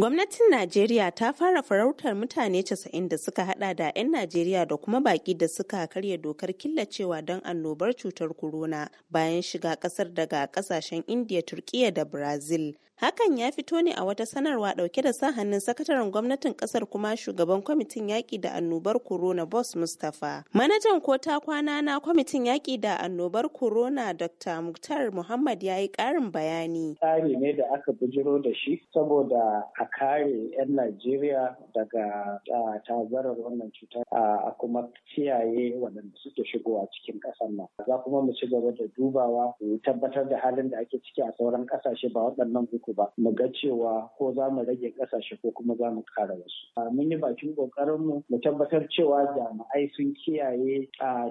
Gwamnatin Najeriya ta fara farautar mutane 90 da suka hada da 'yan Najeriya da kuma baki da suka karya dokar killacewa don annobar cutar corona bayan shiga kasar daga kasashen India, Turkiya da Brazil. Hakan ya fito ne a wata sanarwa dauke da sa hannun sakataren gwamnatin kasar kuma shugaban kwamitin yaƙi da annobar corona Boss Mustapha. Manajan ko ta kwana na kwamitin yaƙi da annobar corona Dr. Muktar Muhammad ya yi ƙarin bayani. Tsari ne da aka bujiro da shi saboda a kare 'yan Najeriya daga tazarar wannan cutar a kuma kiyaye waɗanda suke shigowa cikin ƙasar nan. Za kuma mu ci gaba da dubawa mu tabbatar da halin da ake ciki a sauran ƙasashe ba waɗannan uku ba mu ga cewa ko za mu rage ƙasashe ko kuma za mu kare wasu. Mun yi bakin ƙoƙarin mu Mu tabbatar cewa jami'ai sun kiyaye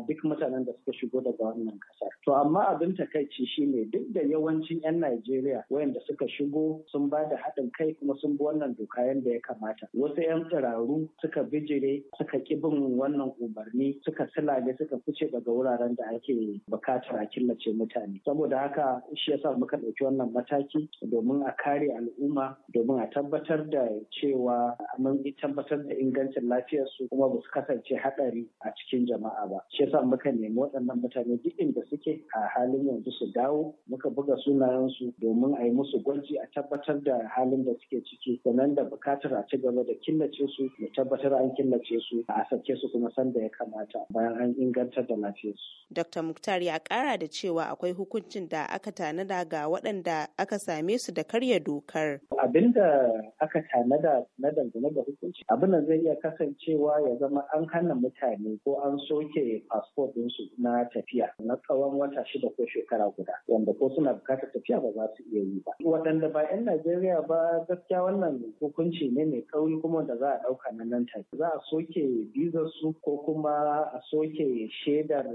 duk mutanen da suka shigo daga wannan ƙasar. To amma abin takaici shine duk da yawancin 'yan Najeriya wayanda suka shigo sun ba da haɗin kai kuma sun wannan doka yadda ya kamata wasu 'yan tsiraru suka bijire suka ki bin wannan umarni suka silale suka fice daga wuraren da ake bukatar a killace mutane saboda haka shi yasa muka ɗauki wannan mataki domin a kare al'umma domin a tabbatar da cewa mun tabbatar da ingancin lafiyarsu kuma ba su kasance haɗari a cikin jama'a ba shi yasa muka nemi waɗannan mutane duk inda suke a halin yanzu su dawo muka buga sunayensu domin a yi musu gwaji a tabbatar da halin da suke ciki ciki sannan da bukatar a ci gaba da killace su da tabbatar an killace su a sake su kuma sanda ya kamata bayan an inganta da su. Dr. Muktar ya kara da cewa akwai hukuncin da aka tanada ga waɗanda aka same su da karya dokar. Abinda aka tanada na dangane da hukunci abin da zai iya kasancewa ya zama an hana mutane ko an soke fasfot ɗinsu na tafiya na tsawon wata shida ko shekara guda wanda ko suna bukatar tafiya ba za su iya yi ba. Waɗanda ba 'yan Najeriya ba gaskiya wannan wannan hukunci ne mai kauri kuma da za a ɗauka na nan take za a soke bizar su ko kuma a soke shaidar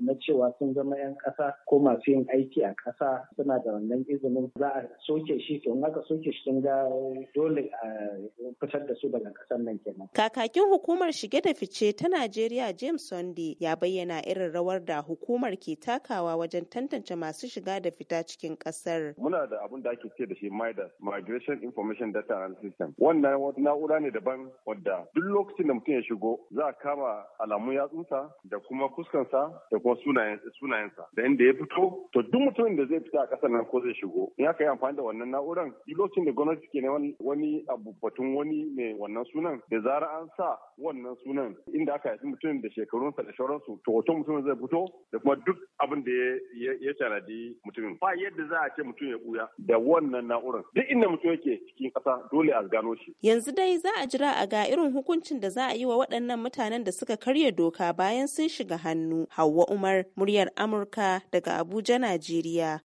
na cewa sun zama 'yan ƙasa ko masu yin aiki a ƙasa suna da wannan izinin za a soke shi to in aka soke shi ga dole a fitar da su daga kasar nan kenan. Kakakin hukumar shige da fice ta Najeriya James Sunday ya bayyana irin rawar da hukumar ke takawa wajen tantance masu shiga da fita cikin ƙasar. Muna da abin da ake ce da shi MIDAS Migration Information Data alarm system wannan wata na'ura ne daban wadda duk lokacin da mutum ya shigo za a kama alamun yatsunsa da kuma fuskansa da kuma sunayensa da inda ya fito to duk mutumin da zai fita a ƙasar nan ko zai shigo in aka yi amfani da wannan na'uran duk lokacin da gwamnati ke neman wani abu batun wani mai wannan sunan da zara an sa wannan sunan inda aka yi mutumin da shekarunsa da su, to hoton mutumin zai fito da kuma duk abin da ya tanadi mutumin ba yadda za a ce mutum ya buya da wannan na'uran duk inda mutum yake cikin ƙasa dole a gano shi. Yanzu dai za a jira a ga irin hukuncin da za a yi wa waɗannan mutanen da suka karya doka bayan sun shiga hannu. Hauwa Umar, muryar Amurka daga Abuja, Najeriya.